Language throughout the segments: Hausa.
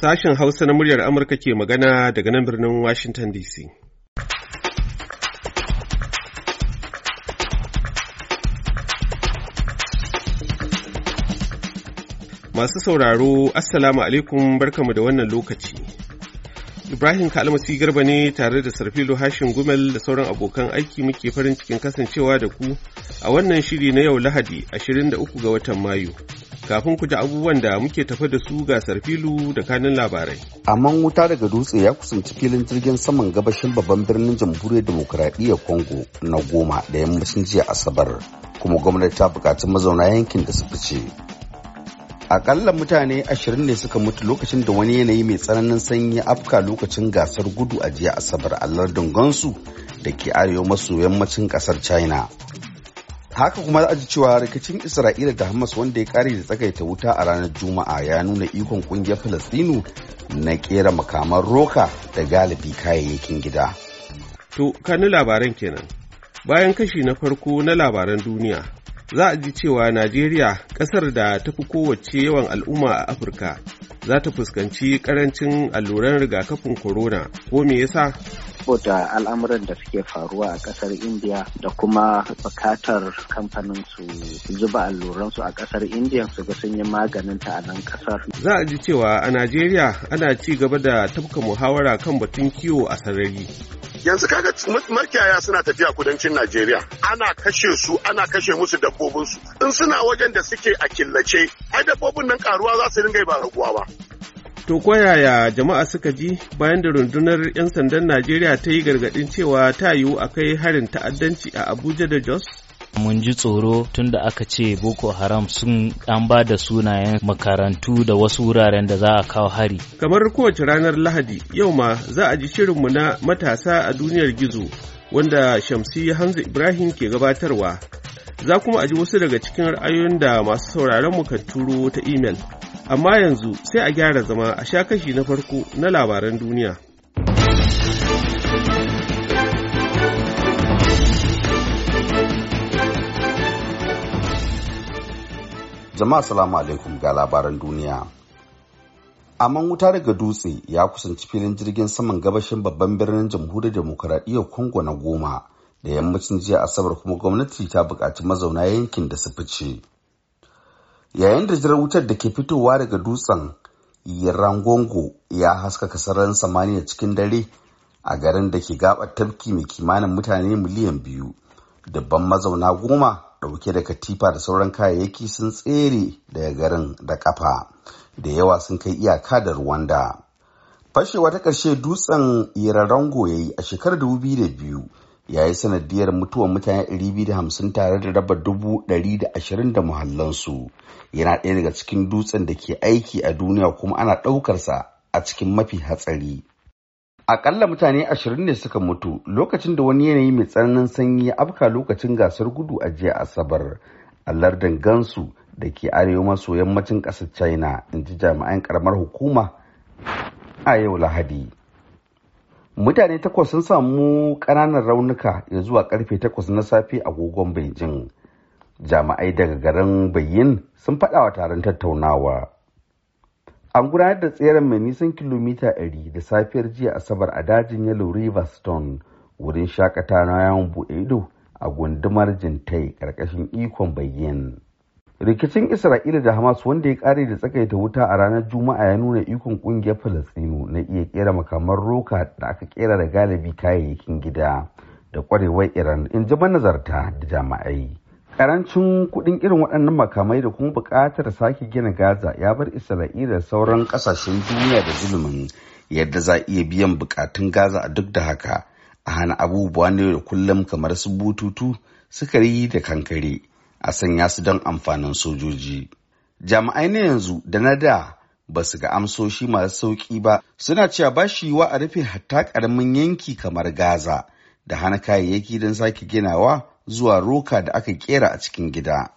Sashen Hausa na muryar Amurka ke magana daga nan birnin Washington DC. Masu sauraro, Assalamu alaikum barkamu da wannan lokaci. Ibrahim Kalmasi Garba ne tare da Sarfilo Hashin Gumel da sauran abokan aiki muke farin cikin kasancewa da ku a wannan shiri na yau Lahadi 23 ga watan Mayu. Kafin ku ji abubuwan da muke tafa da su ga Sarfilu da kanin labarai. Amman wuta daga dutse ya kusanci filin jirgin saman gabashin babban birnin jamhuriyar demokuraɗiyyar Congo na goma da yammacin jiya Asabar. Kuma gwamnati ta buƙaci mazauna yankin da su fice. akalla mutane ashirin ne suka mutu lokacin da wani yanayi mai tsananin sanyi afka lokacin gasar gudu a jiya asabar a lardin gansu da ke arewa maso yammacin kasar china haka kuma za a ji cewa rikicin isra'ila da hamas wanda ya kare da tsakaita wuta a ranar juma'a ya nuna ikon kungiyar falastinu na kera makaman roka da galibi kayayyakin gida to kani labaran kenan bayan kashi na farko na labaran duniya za a ji cewa Najeriya ƙasar da ta fi kowace yawan al'umma a Afirka za ta fuskanci ƙarancin alluran rigakafin corona ko me yasa saboda al'amuran da suke faruwa a kasar india da kuma bukatar kamfanin su zuba alluransu a kasar india su ga sun yi maganin ta a nan kasar za a ji cewa a najeriya ana ci gaba da tafka muhawara kan batun kiwo a sarari yanzu kaga makiyaya suna tafiya kudancin Najeriya ana kashe su ana kashe musu dabbobinsu in suna wajen da suke a killace ai dabbobin nan karuwa za su dinga ba raguwa ba To ko yaya jama'a suka ji bayan da rundunar 'yan sandan Najeriya ta yi gargaɗin cewa ta yiwu a kai harin ta'addanci a Abuja da Jos? mun ji tsoro tun da aka ce boko haram sun an ba da sunayen makarantu da wasu wuraren da za a kawo hari kamar kowace ranar lahadi yau ma za a ji shirinmu na matasa a duniyar gizo wanda shamsi hamza ibrahim ke gabatarwa za kuma a ji wasu daga cikin ra'ayoyin da masu sauraron mu kan turo ta imel amma yanzu sai a gyara zama a sha kashi na farko na labaran duniya. Jama'a salamu alaikum ga labaran duniya. Aman wuta daga dutse ya kusanci filin jirgin saman gabashin babban birnin jamhuriyar demokuraɗiyyar Kongo na goma da yammacin jiya Asabar kuma gwamnati ta buƙaci mazauna yankin da su fice. yayin da jirar wutar da ke fitowa daga dutsen rangongo ya haskaka sararin samaniya cikin dare a garin da ke gabar tafki mai kimanin mutane miliyan biyu Dabban mazauna goma dauke da katifa da sauran kayayyaki sun tsere daga garin da kafa da yawa sun kai iyaka da ruwanda fashewa ta ƙarshe dutsen irarango ya yi a shekarar 2002 Yayi yi sanadiyar mutuwar mutane 250 tare da raba dubu 120 da muhallansu yana ɗaya daga cikin dutsen da ke aiki a duniya kuma ana ɗaukarsa a cikin mafi hatsari akalla mutane 20 ne suka mutu lokacin da wani yanayi mai tsananin sanyi ya afka lokacin gasar gudu a jiya asabar a lardin gansu da ke arewa maso yammacin ƙasar china in ji jami'an ƙaramar hukuma a yau lahadi mutane takwas sun samu ƙananan raunuka ya zuwa karfe takwas na safe a agogon beijing jami'ai daga garin bayin sun faɗa wa taron tattaunawa an gudanar da tseren mai nisan kilomita 100 da safiyar jiya asabar a dajin yellow river stone wurin shakata na yawon buɗe ido a gundumar jintai ƙarƙashin ikon bayin rikicin isra'ila da hamas wanda ya kare da tsakaita wuta a ranar juma'a ya nuna ikon kungiyar falastinu na iya kera makamar roka da aka kera da galibi kayayyakin gida da kwarewar iran in ji manazarta da jama'ai karancin kudin irin waɗannan makamai da kuma buƙatar sake gina gaza ya bar isra'ila da sauran ƙasashen duniya da zulumin yadda za iya biyan buƙatun gaza a duk da haka a hana abubuwa ne da kullum kamar su bututu sukari da kankare a sanya su don amfanin sojoji. Jami'ai na yanzu da na da ba su ga amsoshi masu sauƙi ba suna cewa ba shi wa a rufe hatta ƙaramin yanki kamar Gaza da hana kayayyaki don sake ginawa zuwa roka da aka ƙera a cikin gida.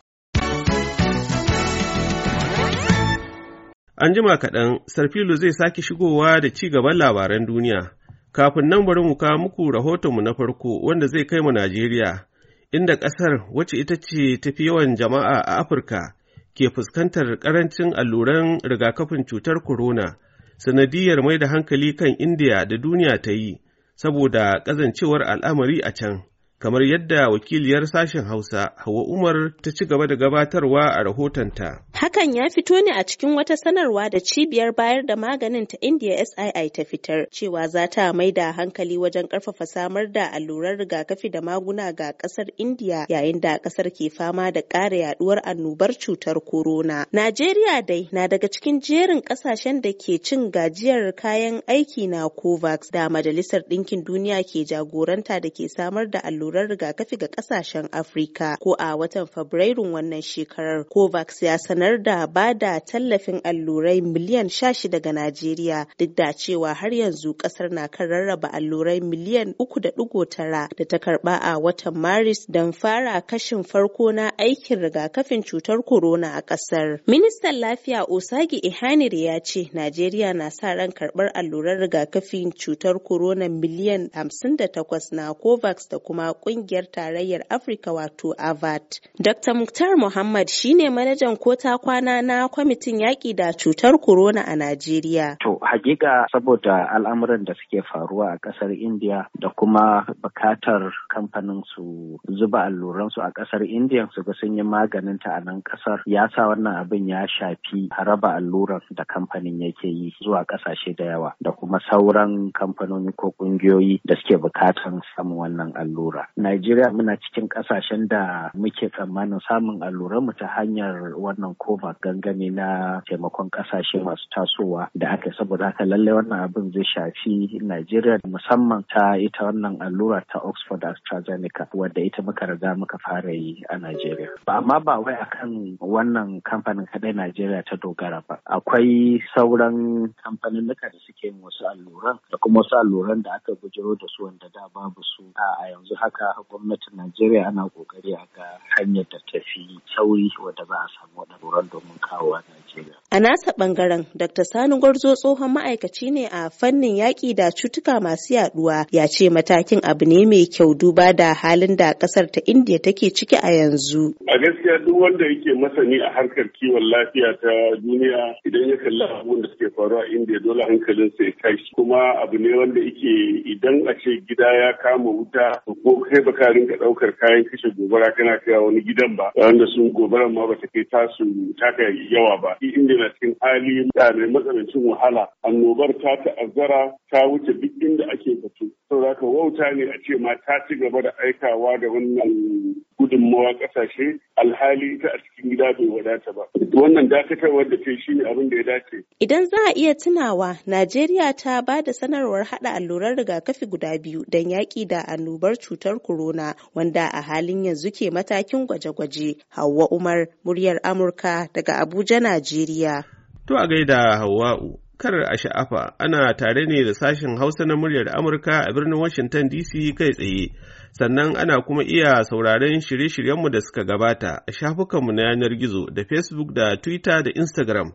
An jima kaɗan, sarfilo zai sake shigowa da ci gaban labaran duniya. Kafin nan bari mu kawo muku mu na farko wanda zai kai mu Najeriya. inda ƙasar wacce ita ce tafi yawan jama'a a Afirka ke fuskantar ƙarancin alluran rigakafin cutar corona sanadiyar mai da hankali kan Indiya da duniya ta yi saboda ƙazancewar al'amari a can. kamar yadda wakiliyar sashen Hausa Hauwa Umar ta ci gaba da gabatarwa a rahotonta. Hakan ya fito ne a cikin wata sanarwa da cibiyar bayar da maganin ta India SII ta fitar cewa za ta mai da hankali wajen ƙarfafa samar da allurar rigakafi da maguna ga ƙasar India yayin da ƙasar ke fama da ƙara yaduwar annobar cutar corona. Najeriya dai na daga cikin jerin ƙasashen da ke cin gajiyar kayan aiki na COVAX da Majalisar Ɗinkin Duniya ke jagoranta da ke samar da allurar allurar rigakafi ga kasashen Afirka ko a watan fabrairu wannan shekarar. COVAX ya sanar da ba da tallafin allurai miliyan shashi daga Najeriya duk da cewa har yanzu kasar na kan rarraba allurai miliyan uku da digo tara da ta karba a watan Maris don fara kashin farko na aikin rigakafin cutar corona a kasar. Ministan Lafiya Osagi Ihanir ya ce Najeriya na sa ran karbar allurar rigakafin cutar corona miliyan 58 na COVAX da kuma kungiyar tarayyar Afirka wato AVAT. Dr. Muktar Muhammad shine manajan kota kwana na kwamitin yaƙi da cutar corona a Najeriya. To hakika saboda al'amuran da suke faruwa a ƙasar India da kuma bukatar kamfanin su zuba su a ƙasar India su ga sun yi maganin ta a nan ƙasar ya sa wannan abin ya shafi haraba alluran da kamfanin yake yi zuwa ƙasashe da yawa da kuma sauran kamfanoni ko ƙungiyoyi da suke bukatar samun wannan allura. Najeriya muna cikin kasashen da muke tsammanin samun mu ta hanyar wannan kova gangami na taimakon kasashe masu tasowa da aka saboda haka lallai wannan abin zai shafi Najeriya musamman ta ita wannan allura ta Oxford AstraZeneca wadda ita muka riga muka fara yi a Najeriya. Ba amma ba wai akan wannan kamfanin kadai Najeriya ta dogara ba. Akwai sauran kamfanin da suke wasu alluran da kuma wasu alluran da aka bujiro da su wanda da babu su a yanzu haka haka gwamnatin Najeriya ana kokari a ga hanyar da ta fi sauri wadda za a samu wadannan domin kawo a Najeriya. A nasa bangaren Dr. Sani Gwarzo tsohon ma'aikaci ne a fannin yaƙi da cutuka masu yaduwa ya ce matakin abu ne mai kyau duba da halin da ƙasar ta Indiya take ciki a yanzu. A gaskiya duk wanda yake masani a harkar kiwon lafiya ta duniya idan ya kalli abubuwan da suke faruwa a Indiya dole hankalinsa ya tashi kuma abu ne wanda yake idan a ce gida ya kama wuta ko kai ba ka rinka ɗaukar kayan kashe gobara kana kai wani gidan ba wanda su gobaran ma bata kai tasu kai yawa ba shi inda na cikin hali mai matsanancin wahala annobar ta ta'azzara ta wuce duk inda ake zato saboda wauta ne a ce ma ta ci gaba da aikawa da wannan gudunmawa kasashe alhali ta a cikin gida bai wadata ba. Wannan dakatarwar da ta shi ne abin da ya dace. Idan za a iya tunawa, Najeriya ta ba da sanarwar haɗa allurar rigakafi guda biyu don yaƙi da annobar cutar corona wanda a halin yanzu ke matakin gwaje-gwaje. Hauwa Umar, muryar Amurka daga Abuja, Najeriya. To a gaida Hauwa'u. Kar a sha'afa ana tare ne da sashen Hausa na muryar Amurka a birnin Washington DC kai tsaye, sannan ana kuma iya sauraren shirye-shiryenmu da suka gabata a shafukanmu na yanar gizo da Facebook da Twitter da Instagram.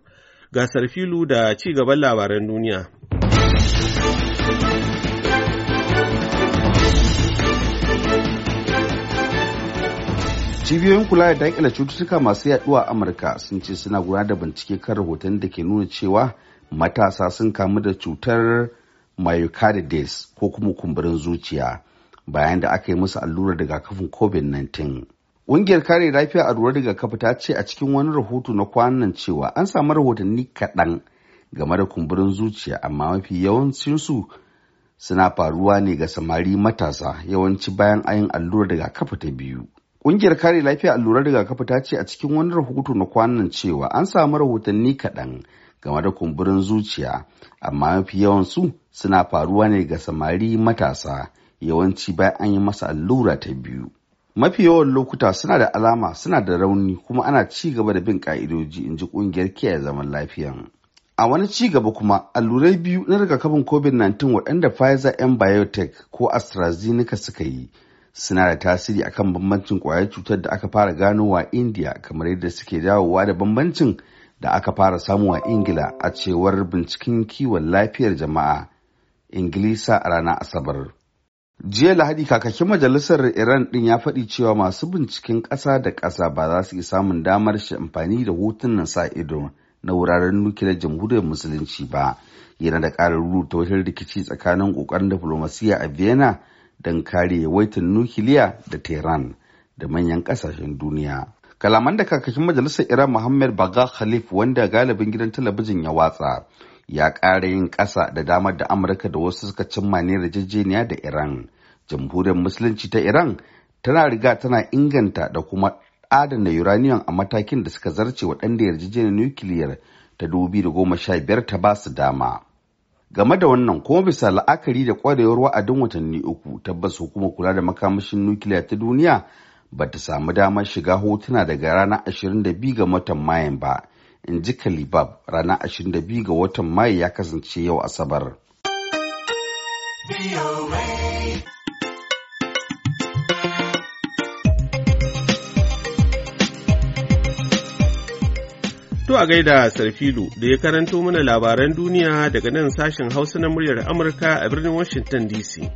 Gasar filu da ci gaban labaran duniya. cibiyoyin kula da dakile cututtuka masu yaduwa a amurka sun ce suna gudanar da bincike kan rahoton da ke nuna cewa matasa sun kamu da cutar myocarditis ko kuma kumburin zuciya bayan da aka yi musu allurar rigakafin covid-19 ƙungiyar kare lafiya a lura rigakafi ta ce a cikin wani rahoto na kwanan cewa an samu rahotanni kaɗan game da kumburin zuciya amma mafi yawancinsu suna faruwa ne ga samari matasa yawanci bayan ayin allurar rigakafi ta biyu Ƙungiyar kare lafiya a daga rigakafi ta ce a cikin wani rahoto na kwanan cewa an samu rahotanni kaɗan game da kumburin zuciya amma mafi yawansu suna faruwa ne ga samari matasa yawanci bayan an yi masa allura ta biyu mafi yawan lokuta suna da alama suna da rauni kuma ana ci gaba da bin ka'idoji in ji kungiyar kiyaye zaman lafiyan a wani ci gaba kuma allurai biyu na rigakafin covid-19 waɗanda pfizer yan biotech ko astrazeneca suka yi suna da tasiri akan bambancin kwayar cutar da aka fara ganowa india kamar yadda suke dawowa da bambancin da aka fara samu a ingila a cewar binciken kiwon lafiyar jama'a ingilisa a ranar asabar jiya lahadi kakakin majalisar iran din ya faɗi cewa masu binciken ƙasa da ƙasa ba za su yi samun damar shi amfani da hotunan sa ido na wuraren nukilar jamhuriyar musulunci ba yana da ƙarar rubuta wajen rikici tsakanin ƙoƙarin diflomasiyya a vienna don kare yawaitar nukiliya da tehran da manyan ƙasashen duniya kalaman da kakakin majalisar iran muhammad baga khalif wanda galibin gidan talabijin ya watsa ya kara yin ƙasa da damar da amurka da wasu suka cimma ne yarjejeniya da iran jamhuriyar musulunci ta iran tana riga tana inganta da kuma adana uranium a matakin da suka zarce waɗanda yarjejeniyar nukiliyar ta sha biyar ta ba su dama game da wannan kuma bisa la'akari da kwarewar wa'adin watanni uku tabbas hukumar kula da makamashin nukiliya ta duniya ba ta samu damar shiga hotuna daga rana 22 ga watan mayan ba in ji kalibab rana 22 ga watan mayu ya kasance yau asabar To a gaida Sarfilu da ya karanto mana labaran duniya daga nan sashen Hausa na muryar Amurka a birnin Washington DC.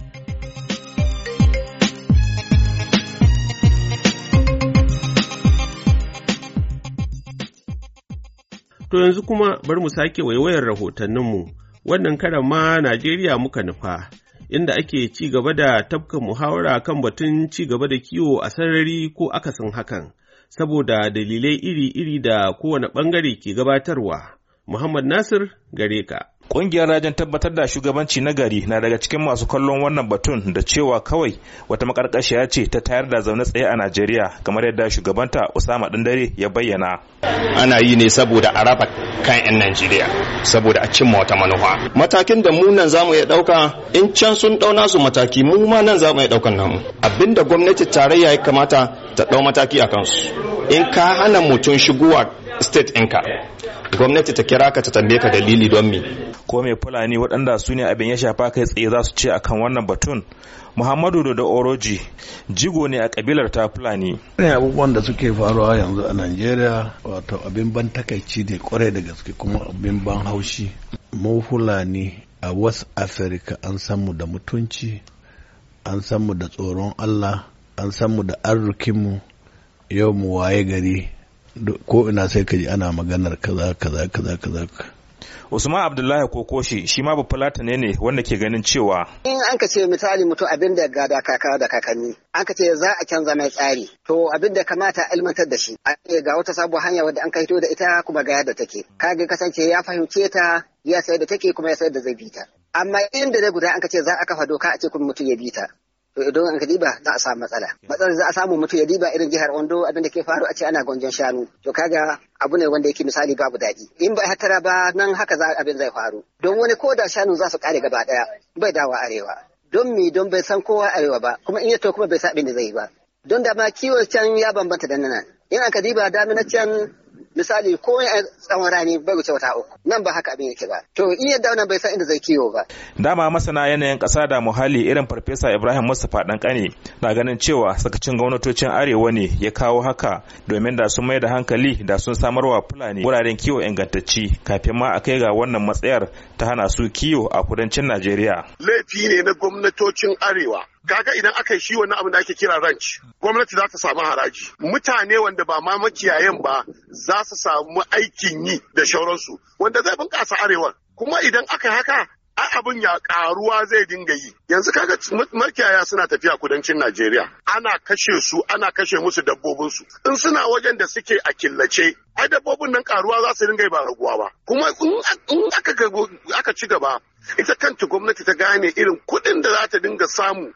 To yanzu kuma bar mu sake waiwayar rahotanninmu, wannan karan ma Najeriya muka nufa, inda ake ci gaba da tafka muhawara kan batun ci gaba da kiwo a sarari ko akasin hakan, saboda dalilai iri-iri da kowane ɓangare ke gabatarwa. Muhammad Nasir gare ka. Ƙungiyar rajin tabbatar da shugabanci na gari na daga cikin masu kallon wannan batun da cewa kawai wata makarƙashiya ce ta tayar da zaune tsaye a Najeriya kamar yadda shugabanta Usama dare ya bayyana. Ana yi ne saboda a raba kan 'yan Najeriya saboda a cimma wata manufa. Matakin da mu nan zamu iya ɗauka in can sun ɗauna su mataki mu ma nan zamu iya ɗaukan namu. da gwamnati tarayya ya kamata ta ɗau mataki a kansu. In ka hana mutum shigowa state ɗinka gwamnati ta kira ka ta tambaye ka dalili don me ko me fulani waɗanda su ne abin ya shafa kai tsaye za su ce akan wannan batun muhammadu da oroji jigo ne a kabilar ta fulani ne abubuwan da suke faruwa yanzu a najeriya wato abin ban takaici ne kwarai da gaske kuma abin ban haushi mu fulani a west africa an san mu da mutunci an san mu da tsoron allah an san mu da arzikinmu yau mu waye gari ko ina sai ka ji ana maganar kaza kaza kaza kaza Usman Abdullahi Kokoshi shi ma bafulata ne ne wanda ke ganin cewa in an ka ce misali mutum abin da gada kaka da kakanni an ka ce za a canza mai tsari to abin da kamata ilmantar da shi a ga wata sabuwar hanya wadda an ka da ita kuma ga yadda take kage kasance ya fahimce ta ya sayar da take kuma ya sayar da zai bita amma inda da guda an ka ce za a kafa doka a ce kuma mutum ya bita don an ka diba za a samu matsala matsalar za a samu mutum ya diba irin jihar Ondo abin da ke faru a ce ana gwanjon shanu to kaga abu ne wanda yake misali babu daɗi in ba hatara ba nan haka za abin zai faru don wani ko da shanu za su kare gaba daya bai dawa arewa don mi don bai san kowa arewa ba kuma in ya to kuma bai sa abin da zai yi ba don da ma kiwon can ya bambanta da nan in aka diba daminar can misali ko ya tsawon rani bai wuce wata uku nan ba haka abin yake ba to in yadda wannan bai san inda zai kiwo ba dama masana yanayin kasa da muhalli irin farfesa Ibrahim Mustapha kani na ganin cewa sakacin gwamnatocin arewa ne ya kawo haka domin da sun mai da hankali da sun samar wa Fulani wuraren kiwo ingantacci kafin ma a kai ga wannan matsayar ta hana su kiwo a kudancin Najeriya laifi ne na gwamnatocin arewa kaga idan aka yi shi wannan abin da ake kira ranch gwamnati za ta samu haraji mutane wanda ba ma makiyayen ba za su samu aikin yi da shauransu wanda zai bunƙasa arewa kuma idan aka haka abin ya karuwa zai dinga yi yanzu kaga makiyaya suna tafiya kudancin Najeriya ana kashe su ana kashe musu dabbobin su in suna wajen da suke a killace ai dabbobin nan karuwa za su dinga yi ba raguwa ba kuma in aka ci gaba ita kanta gwamnati ta gane irin kuɗin da za ta dinga samu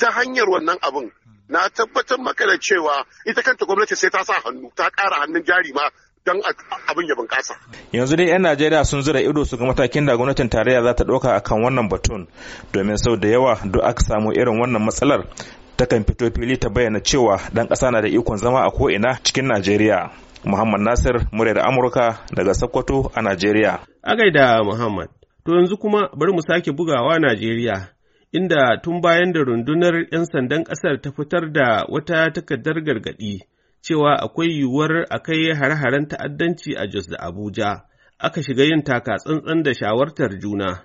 ta hanyar wannan abin na tabbatar maka da cewa ita kanta gwamnati sai ta sa hannu ta ƙara hannun jari ma don abin ya bunƙasa. Yanzu dai 'yan Najeriya sun zura ido su ga matakin da gwamnatin tarayya za ta ɗauka akan wannan batun domin sau da yawa duk aka samu irin wannan matsalar takan fito fili ta bayyana cewa ɗan ƙasa na da ikon zama a ko'ina cikin Najeriya. Muhammad Nasir, muryar Amurka daga Sokoto a Najeriya. A gaida Muhammad. To yanzu kuma bari mu sake bugawa Najeriya, inda tun bayan da rundunar 'yan sandan ƙasar ta fitar da wata takardar gargaɗi cewa akwai yiwuwar a kai hare-haren ta'addanci a Jos da Abuja, aka shiga yin taka tsantsan da shawartar juna.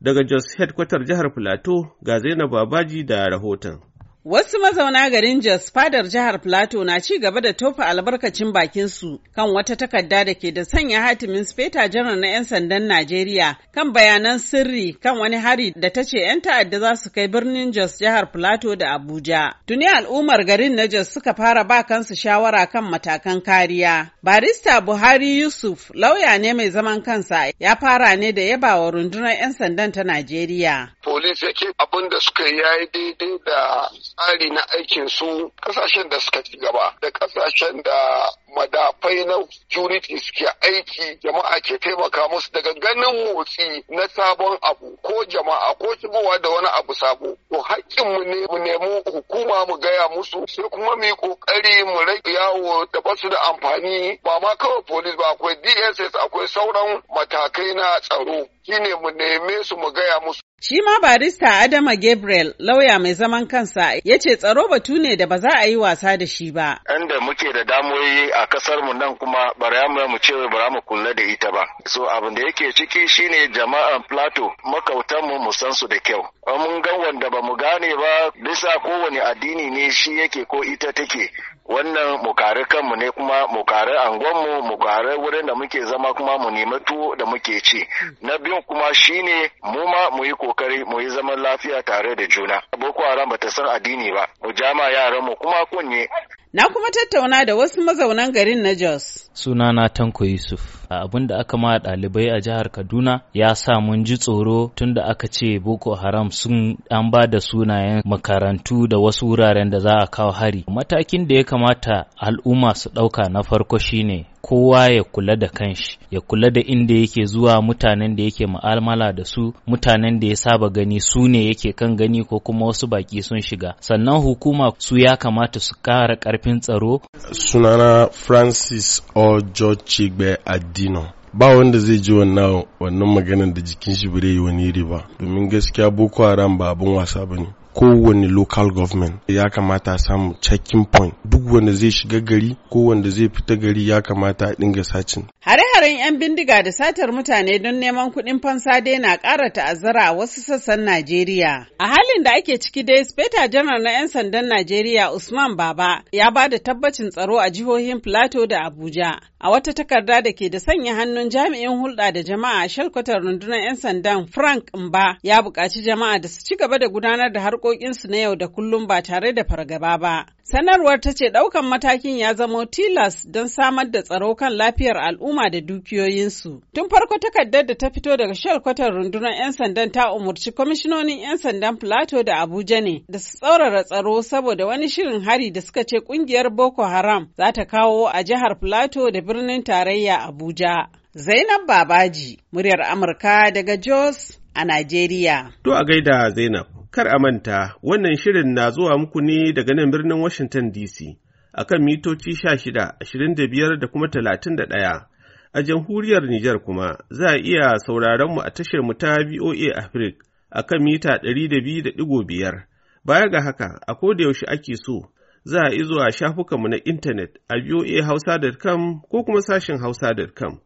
Daga Jos Headquarter jihar Filato ga Zainab Babaji da rahoton. Wasu mazauna garin Jos fadar jihar Plateau na ci gaba da tofa albarkacin bakinsu kan wata takarda da ke da sanya hatimin speta janar na 'yan sandan Najeriya kan bayanan sirri kan wani hari da ta ce 'yan ta'adda za su kai birnin Jos jihar Plateau da Abuja. Tuni al'ummar garin na Jos suka fara ba kansu shawara kan matakan kariya. Barista Buhari Yusuf lauya ne mai zaman kansa ya fara ne da yaba wa rundunar 'yan sandan ta Najeriya. Polis yake abin da suka yi daidai da tsari na aikin su kasashen da suka ci gaba da kasashen da madafai na security suke aiki jama'a ke taimaka musu daga ganin motsi na sabon abu ko jama'a ko shigowa da wani abu sabo to haƙƙin mu ne mu nemi hukuma mu gaya musu sai kuma mu yi kokari mu rage yawo da basu da amfani ba ma kawai police ba akwai DSS akwai sauran matakai na tsaro shine mu neme su mu gaya musu Shi ma barista Adama Gabriel lauya mai zaman kansa ya ce tsaro batu ne da ba za a yi wasa da shi ba. Inda muke da damoyi a a kasar mu nan kuma bara mu ce bara mu kula da ita ba so abin da yake ciki shine jama'an plato makautan mu san su da kyau mun ga wanda ba mu gane ba bisa kowane addini ne shi yake ko ita take wannan mukare kanmu ne kuma mukare angonmu mukare wurin da muke zama kuma mu nemi tuwo da muke ci na biyun kuma shine mu ma mu yi kokari mu yi zaman lafiya tare da juna boko haram bata san addini ba mu jama yaran mu kuma kunye Na kuma tattauna da wasu mazaunan garin na Jos. Sunana Tanko Yusuf. Abin da aka ma ɗalibai a jihar Kaduna ya sa mun ji tsoro tun da aka ce Boko Haram sun an ba da sunayen makarantu da wasu wuraren da za a kawo hari. Matakin da ya kamata al'umma su ɗauka na farko shine kowa ya kula da kanshi ya kula da inda yake zuwa mutanen da yake ma'amala da su mutanen da ya saba gani su ne yake kan gani ko kuma wasu baki sun shiga sannan hukuma su ya kamata su kara karfin tsaro sunana francis ojo chigbe adino ba wanda zai ji wannan maganar da jikin shi bare yi wani riba domin gaskiya boko haram ba abin wasa bane kowane local government ya kamata a samu checking point duk wanda zai shiga gari ko wanda zai fita gari ya kamata a dinga sacin. Hare hare 'yan bindiga da satar mutane don neman kuɗin fansa dai na ƙara ta'azzara a wasu sassan Najeriya. A halin da ake ciki dai, Speta Janar na 'yan sandan Najeriya Usman Baba ya ba da tabbacin tsaro a jihohin Plateau da Abuja. A wata takarda da ke da sanya hannun jami'in hulɗa da jama'a a shalkwatar rundunar 'yan sandan Frank Mba ya buƙaci jama'a da su ci gaba da gudanar da harkokinsu na yau da kullum ba tare da fargaba ba. Sanarwar ta ce ɗaukan matakin ya zamo tilas don samar da tsaro kan lafiyar al'umma da dukiyoyinsu. Tun farko takardar da ta fito daga shelkwatar rundunar 'yan sandan ta umurci kwamishinonin 'yan sandan Plateau da Abuja ne da su tsaurara tsaro saboda wani shirin hari da suka ce kungiyar Boko Haram za ta kawo a jihar Plateau da birnin tarayya Abuja. Zainab Babaji, muryar Amurka daga Jos a Najeriya. To a gaida Zainab. Kar a manta, wannan shirin na zuwa muku ne daga nan birnin Washington DC a kan mitoci shida, ashirin da kuma ɗaya. A jamhuriyar Nijar kuma za a iya sauraron mu a tashar mu ta VOA Africa a kan mita biyar. Baya ga haka, a yaushe ake so, za a izo a shafukanmu na intanet a voahausa.com ko kuma sashin hausa.com.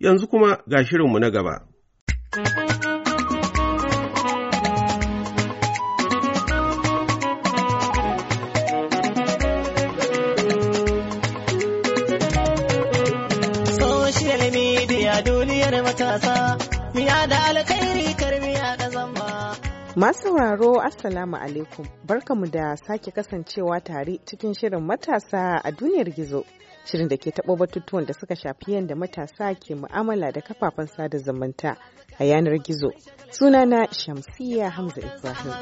Yanzu kuma ga shirinmu na gaba. matasa, miya da alkhairi karmiya da zamba. Masu sauraro Assalamu alaikum, barkamu da sake kasancewa tare cikin shirin matasa a duniyar gizo. Shirin da ke taɓo batutuwan da suka shafi yadda matasa ke mu'amala da kafafen sada zumunta a yanar gizo. Sunana Shamsiyya Hamza Ibrahim.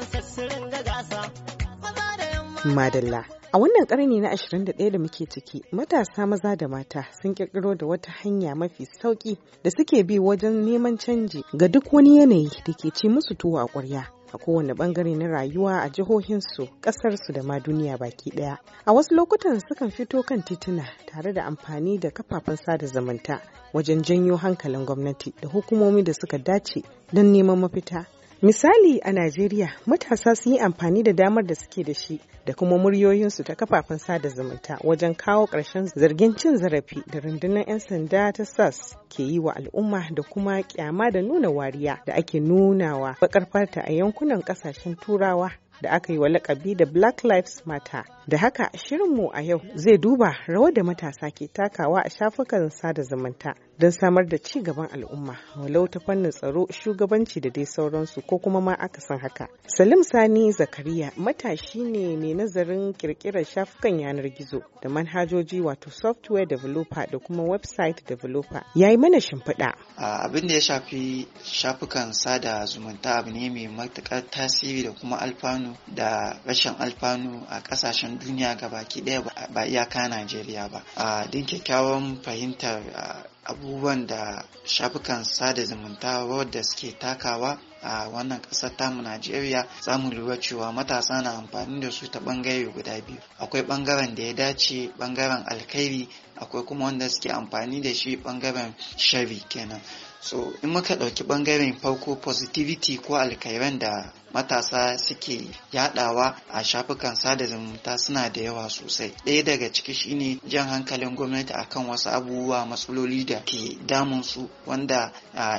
Madalla. A wannan ƙarni na 21 da muke ciki, matasa maza da mata sun ƙirƙiro da wata hanya mafi sauƙi da suke bi wajen neman canji ga duk wani yanayi da ke ci musu tuwo a ƙwarya. a kowane bangare na rayuwa a jihohinsu ƙasarsu da ma duniya baki ɗaya. A wasu lokutan sukan fito kan tituna tare da amfani da kafafen sada zumunta wajen janyo hankalin gwamnati da hukumomi da suka dace don neman mafita Misali a Najeriya matasa sun yi amfani da damar da suke da shi da kuma muryoyinsu ta kafafen sada zumunta wajen kawo ƙarshen zargin cin zarafi da rundunar 'yan sanda ta SAS ke yi wa al'umma da kuma kyama da nuna wariya da ake nunawa baƙar farta a yankunan ƙasashen turawa da aka yi wa lakabi da Black Lives Matter. Da haka shirinmu a yau zai duba rawar da matasa ke takawa a shafukan sada zumunta don samar da ci gaban al'umma walau ta fannin tsaro shugabanci da dai sauransu ko kuma ma aka san haka salim sani zakariya matashi ne mai nazarin kirkirar shafukan yanar gizo da manhajoji wato software developer da kuma website developer ya yi mana shimfiɗa abin da ya shafi shafukan sada zumunta abu ne mai matuƙar tasiri da kuma alfanu da rashin alfanu a ƙasashen duniya ga baki ɗaya ba iyaka najeriya ba a din kyakkyawan fahimtar abubuwan da shafukan sada zumunta wadda suke takawa a wannan ƙasar tamu najeriya za mu lura cewa matasa na amfani da su ta ɓangare guda biyu akwai ɓangaren da ya dace ɓangaren alkhairi akwai kuma wanda suke amfani da shi ɓangaren shari kenan so in muka ɗauki ɓangaren farko positivity ko alkairan da matasa suke yadawa a shafukan sada zumunta suna da yawa sosai ɗaya daga ciki shine jan hankalin gwamnati akan wasu abubuwa matsaloli da ke damun su wanda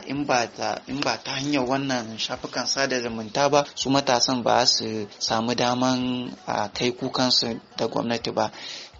in ba ta hanyar wannan shafukan sada zumunta ba su matasan ba su samu daman kai kukansu da gwamnati ba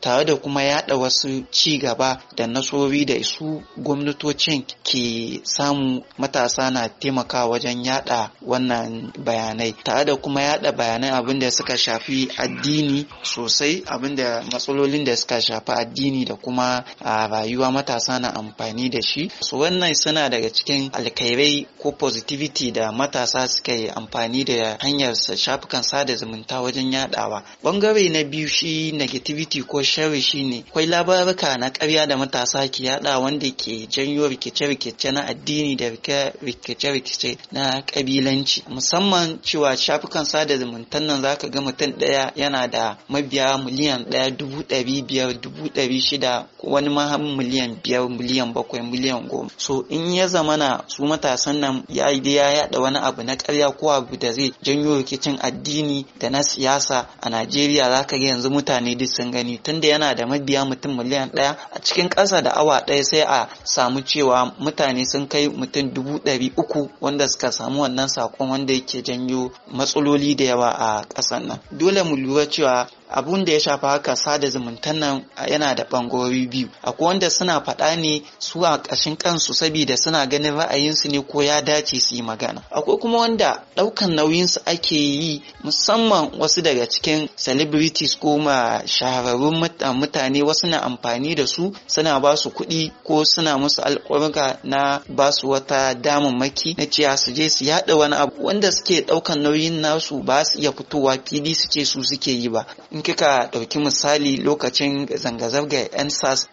tare da kuma yada wasu ci gaba da nasori da su gwamnatocin ke samu matasa na taimaka wajen yada wannan bayanai tare da kuma yada bayanai abin da suka shafi addini sosai abin da matsalolin da suka shafi addini da kuma a rayuwa matasa na amfani da shi su wannan suna daga cikin alkairai ko positivity da matasa suka yi amfani da hanyar shafukan sada zumunta wajen yadawa bangare na biyu shi negativity ko sharri shine akwai labaruka na karya da matasa ke yada wanda ke janyo rikice-rikice na addini da rikice-rikice na kabilanci musamman cewa shafukan sada zumuntan nan zaka ga mutum ɗaya yana da mabiya miliyan ɗaya dubu ɗari biyar dubu ɗari shida wani ma miliyan biyar miliyan bakwai miliyan goma so in ya zamana su matasan nan ya yi ya yada wani abu na karya ko abu da zai janyo rikicin addini da na siyasa a Najeriya zaka ga yanzu mutane duk sun gani tun wanda yana da mabiya mutum miliyan ɗaya a cikin ƙasa da awa ɗaya sai a samu cewa mutane sun kai mutum dubu ɗari uku wanda suka samu wannan sakon wanda yake janyo matsaloli da yawa a ƙasar nan dole mu lura cewa abun da ya shafa haka sada zumuntan nan yana da bangori biyu akwai wanda suna faɗa ne su a ƙashin kansu saboda suna ganin ra'ayinsu ne ko ya dace su yi magana akwai kuma wanda ɗaukan nauyinsu ake yi musamman wasu daga cikin celebrities ko ma shahararrun mutane wasu na amfani da su suna ba su kuɗi ko suna musu alƙurga na ba su wata damammaki na ciya su je su yaɗa wani abu wanda suke ɗaukan nauyin nasu ba su iya fitowa fili su ce su suke yi ba in kika ɗauki misali lokacin zanga-zanga 'yan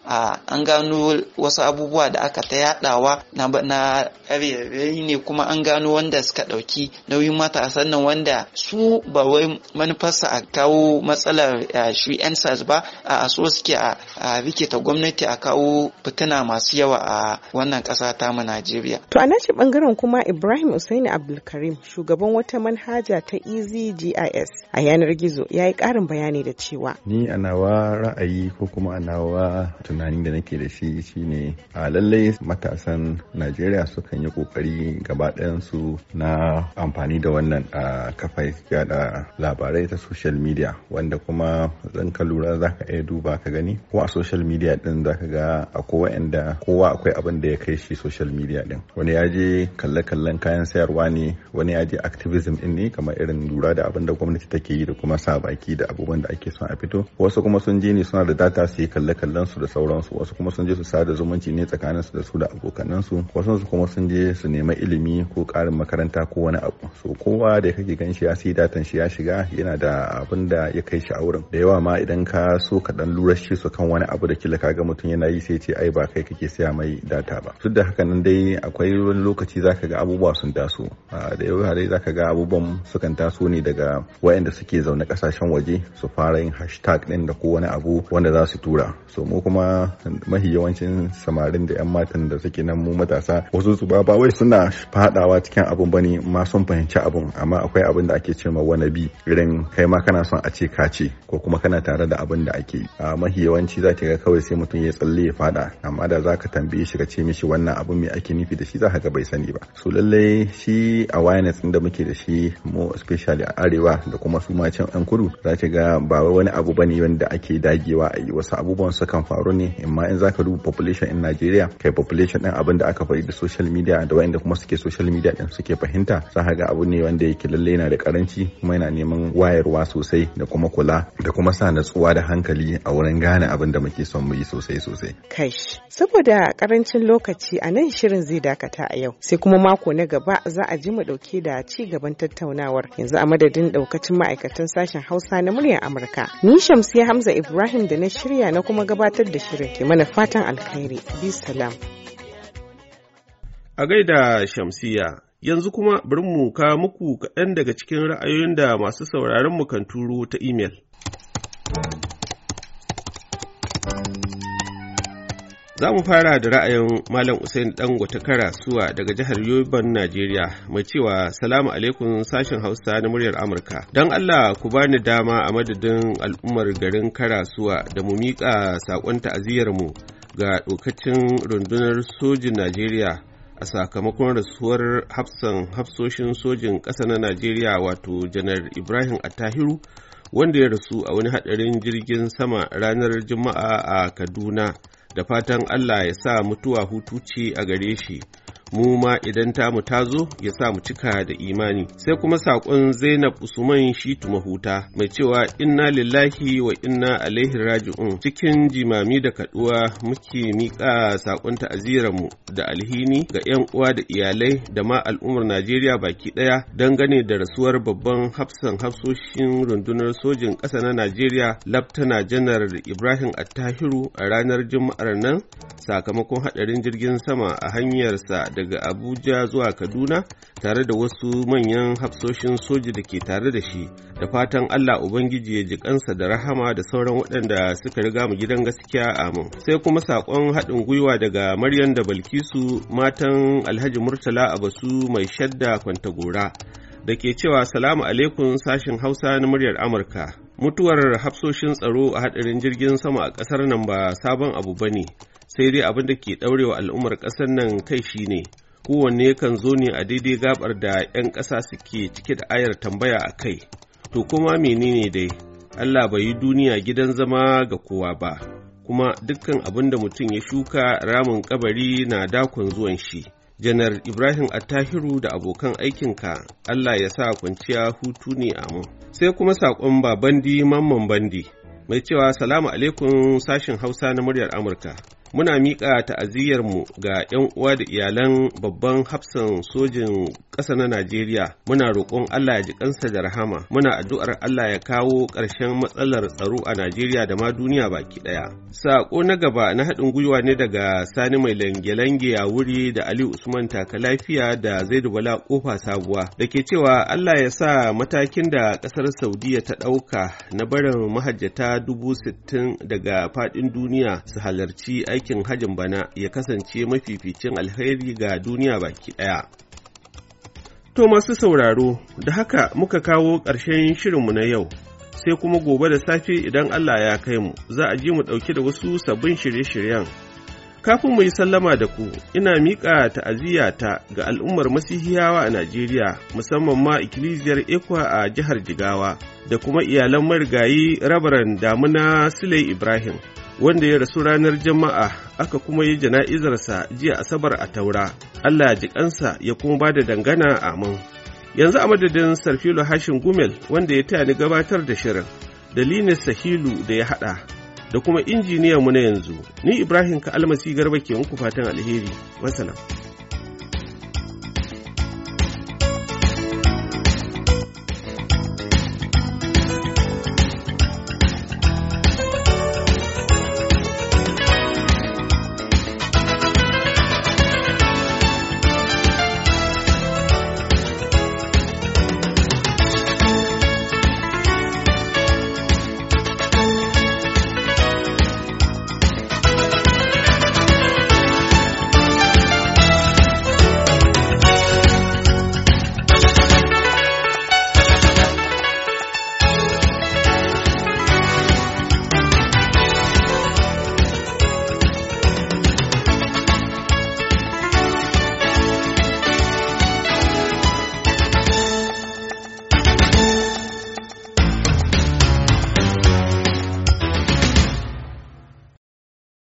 a an gano wasu abubuwa da aka ta yadawa na na ne kuma an gano wanda suka ɗauki nauyin matasan nan wanda su ba wai manufarsa a kawo matsalar shi 'yan ba a so suke a rikita gwamnati a kawo fitina masu yawa a wannan ƙasa ta mu Najeriya. To a nashi ɓangaren kuma Ibrahim Usaini Abdulkarim shugaban wata manhaja ta gis a yanar gizo ya yi ƙarin bayani ne da cewa ni a nawa ra'ayi ko kuma a nawa tunanin da nake da shi shine a lallai matasan najeriya sukan yi kokari gaba su na amfani da wannan a kafai yada labarai ta social media wanda kuma zan ka lura za ka iya duba ka gani ko a social media din za ka ga akwai inda kowa akwai abin da ya kai shi social media din wani ya je kalle-kallen kayan sayarwa ne wani ya je activism din ne kamar irin lura da abin da gwamnati take yi da kuma sa baki da abubuwan da ake son a fito wasu kuma sun je ne suna da data su yi kalle kallen su da sauransu wasu kuma sun je su sada zumunci ne tsakanin su da su da abokanan su wasu su kuma sun je su nema ilimi ko karin makaranta ko wani abu so kowa da kake gan shi ya sai datan shi ya shiga yana da abin da ya kai shi a wurin da yawa ma idan ka so ka dan lura shi su kan wani abu da kila kaga mutum yana yi sai ce ai ba kai kake saya mai data ba duk da haka nan dai akwai wani lokaci zaka ga abubuwa sun taso ah, da yawa dai zaka ga abubuwan sukan taso ne daga wayanda suke zaune kasashen waje su fara yin hashtag din da ko wani abu wanda za su tura so mu kuma mahi yawancin samarin da yan matan da suke nan mu matasa wasu su ba ba wai suna fadawa cikin abun bane ma sun fahimci abun amma akwai abin da ake ce ma wani bi irin kai ma kana son a ce ka ce ko kuma kana tare da abin da ake yi a mahi yawanci za ka ga kawai sai mutum ya tsalle ya fada amma da za ka tambaye shi ka ce mishi wannan abun me ake nufi da shi za ka ga bai sani ba so lallai shi awareness din da muke da shi mu especially a arewa da kuma su ma can yan kudu za ka ga ba wani abu ba ne wanda ake dagewa a yi wasu abubuwan su kan faru ne amma in zaka duba population in Najeriya kai population din abin da aka faɗi da social media da wanda kuma suke social media din suke fahimta za ga abu ne wanda yake lalle yana da karanci kuma yana neman wayarwa sosai da kuma kula da kuma sa natsuwa da hankali a wurin gane abin da muke son mu yi sosai sosai. Kai saboda karancin lokaci a nan shirin zai dakata a yau sai kuma mako na gaba za a ji mu dauke da ci gaban tattaunawar yanzu a madadin daukacin ma'aikatan sashen Hausa na muryar Amurka. Ni Shamsiya Hamza Ibrahim da na shirya na kuma gabatar da shirin ke mana fatan alkhairi. Bi salam. A gaida Shamsiya, yanzu kuma bari mu ka muku kaɗan daga cikin ra'ayoyin da masu sauraron mu kan turo ta imel. Za mu fara da ra'ayin Malam Usain Dangote Karasuwa daga jihar Yoban, Najeriya, mai cewa salamu alaikum sashen Hausa na muryar Amurka. Don Allah ku bani dama a madadin al'ummar garin Karasuwa da mu miƙa saƙon mu ga ɗokacin rundunar sojin Najeriya a sakamakon rasuwar hafsan hafsoshin sojin ƙasa na Najeriya wato Janar Ibrahim Attahiru wanda ya rasu a wani haɗarin jirgin sama ranar Juma'a a Kaduna. da fatan Allah ya sa mutuwa hutu ce a gare shi. mu ma idan tamu ta zo ya sa mu cika da imani sai kuma saƙon zainab usman shitu huta. mai cewa inna lillahi wa inna alaihi raji'un cikin jimami da kaduwa muke miƙa saƙon mu da alhini ga 'yan uwa da iyalai da ma al'ummar najeriya baki ɗaya dangane da rasuwar babban hafsan hafsoshin rundunar sojin ƙasa na najeriya laftana janar ibrahim attahiru a ranar juma'ar nan sakamakon haɗarin jirgin sama a hanyarsa da daga Abuja zuwa Kaduna tare da wasu manyan hafsoshin soji da ke tare da shi da fatan Allah Ubangiji ya ji kansa da rahama da sauran waɗanda suka riga mu gidan gaskiya amin. Sai kuma saƙon haɗin gwiwa daga Maryam da Balkisu matan Alhaji Murtala a basu mai shadda Kwantagora da ke cewa salamu alaikum sashin Hausa na muryar Amurka. Mutuwar hafsoshin tsaro a haɗarin jirgin sama a ƙasar nan ba sabon abu bane. ne. sai dai abin da ke ɗaurewa al'ummar ƙasar nan kai shi ne, kowanne kan zo ne a daidai gabar da 'yan ƙasa suke cike da ayar tambaya a kai to kuma menene dai allah bai yi duniya gidan zama ga kowa ba kuma dukkan abin da mutum ya shuka ramin kabari na dakon zuwan shi janar ibrahim attahiru da abokan aikinka allah ya sa kwanciya hutu ne a mu sai kuma saƙon babandi mamman bandi mai cewa salamu alaikum sashin hausa na muryar amurka muna miƙa ta'aziyyarmu ga 'yan uwa da iyalan babban hafsan sojin ƙasa na Najeriya. Muna roƙon Allah ya ji kansa da rahama. Muna addu'ar Allah ya kawo ƙarshen matsalar tsaro a Najeriya da ma duniya baki ɗaya. Saƙo na gaba na haɗin gwiwa ne daga Sani Mai Lange-Lange wuri da Ali Usman Taka Lafiya da Zaidu Bala Kofa Sabuwa da ke cewa Allah ya sa matakin da ƙasar Saudiya ta ɗauka na barin mahajjata dubu sittin daga faɗin duniya su halarci aiki aikin hajin bana ya kasance mafificin alheri ga duniya baki ɗaya. To masu sauraro, da haka muka kawo ƙarshen shirinmu na yau, sai kuma gobe da safe idan Allah ya kai mu, za a ji mu ɗauki da wasu sabbin shirye-shiryen. Kafin mu yi sallama da ku, ina miƙa ta'aziyyata ga al'ummar Masihiyawa a Najeriya, musamman ma ikkilisiyar Ekwa a jihar Jigawa, da kuma iyalan marigayi Rabaran Damuna Sule Ibrahim. wanda ya rasu ranar Jama'a aka kuma yi jana'izarsa jiya Asabar a Taura. Allah ji kansa ya kuma bada da dangana amin. Yanzu a madadin Sarfilo Hashin Gumel wanda ya taya ni gabatar da shirin, da Linus Sahilu da ya haɗa, da kuma injiniyan mu na yanzu. Ni Ibrahim ka Almasi Garba ke muku fatan alheri. Wasalam.